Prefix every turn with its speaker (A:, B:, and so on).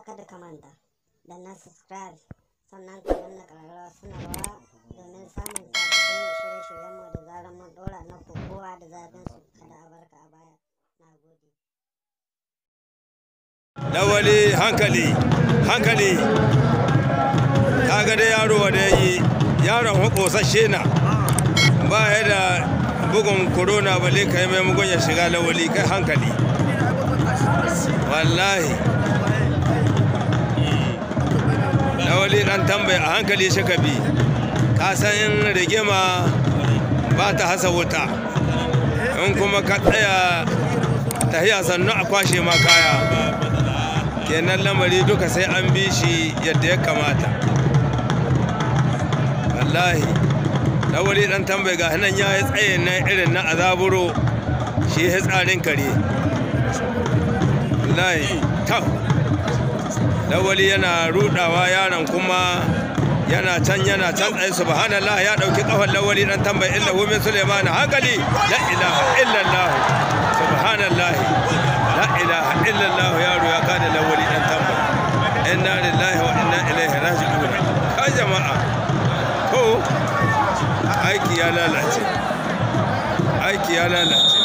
A: ka kada ka manta da na subscribe sannan ka danna ƙararrawa sanarwa domin samun sababbin shirye-shiryenmu da zarar mun ɗora na kowa da zafin su kada a barka a baya
B: na gode dawali hankali hankali ta ga da yaro da yi yaron hukosashe na ba ya da bugun corona balle kai mai mugun ya shiga lawali kai hankali wallahi dan tambaye a hankali shi ka bi ka san in rigima ba ta hasa wuta in kuma ka tsaya hiya sannu a kwashe ma kaya kenan lamari duka sai an bi shi yadda ya kamata wallahi lawali dan tambaye ga nan ya yi tsaye na irin na azaburo shi hitsarin kare wallahi tau lawali yana rudawa yaron kuma yana can yana can tsaye subhanallah ya dauki kafan lawali dan tambayi Illa hu min suleiman hakali la ilaha allah subhanallah la ilaha illallah yaro ya kada lawali dan tambayi inna lillahi wa inna ilaihi raji'un ka jama'a ko aiki ya lalace aiki ya lalace